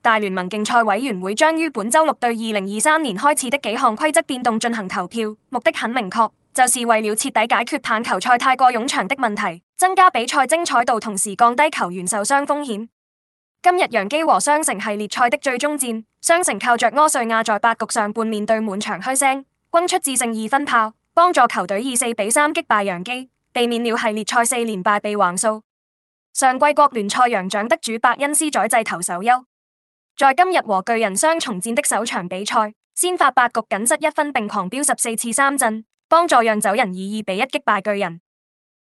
大聯盟競賽委員會將於本週六對二零二三年開始的幾項規則變動進行投票，目的很明確，就是為了徹底解決棒球賽太過冗長的問題，增加比賽精彩度，同時降低球員受傷風險。今日洋基和雙城系列賽的最終戰，雙城靠着柯瑞亞在八局上半面對滿場噓聲，轟出致勝二分炮，幫助球隊以四比三擊敗洋基，避免了系列賽四連敗被橫掃。上季國聯賽揚獎得主伯恩斯宰制投手優。在今日和巨人雙重戰的首場比賽，先發八局僅失一分並狂飆十四次三振，幫助讓走人以二比一擊敗巨人。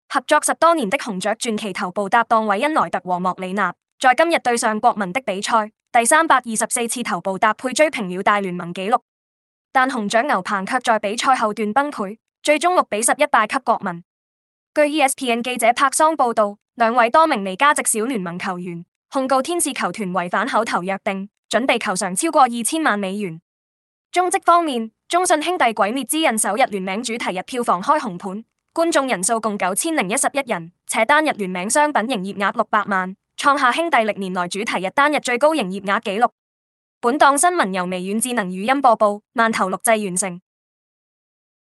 合作十多年的紅雀傳奇頭部搭檔韋恩萊特和莫里納，在今日對上國民的比賽，第三百二十四次頭部搭配追平了大聯盟紀錄，但紅雀牛棚卻在比賽後段崩潰，最終六比十一敗給國民。據 ESPN 記者帕桑報道，兩位多名尼加籍小聯盟球員。控告天使球團違反口頭約定，準備求償超過二千萬美元。中職方面，中信兄弟鬼滅之刃首日聯名主題日票房開紅盤，觀眾人數共九千零一十一人，且單日聯名商品營業額六百萬，創下兄弟歷年來主題日單日最高營業額紀錄。本檔新聞由微軟智能語音播報，萬頭錄製完成。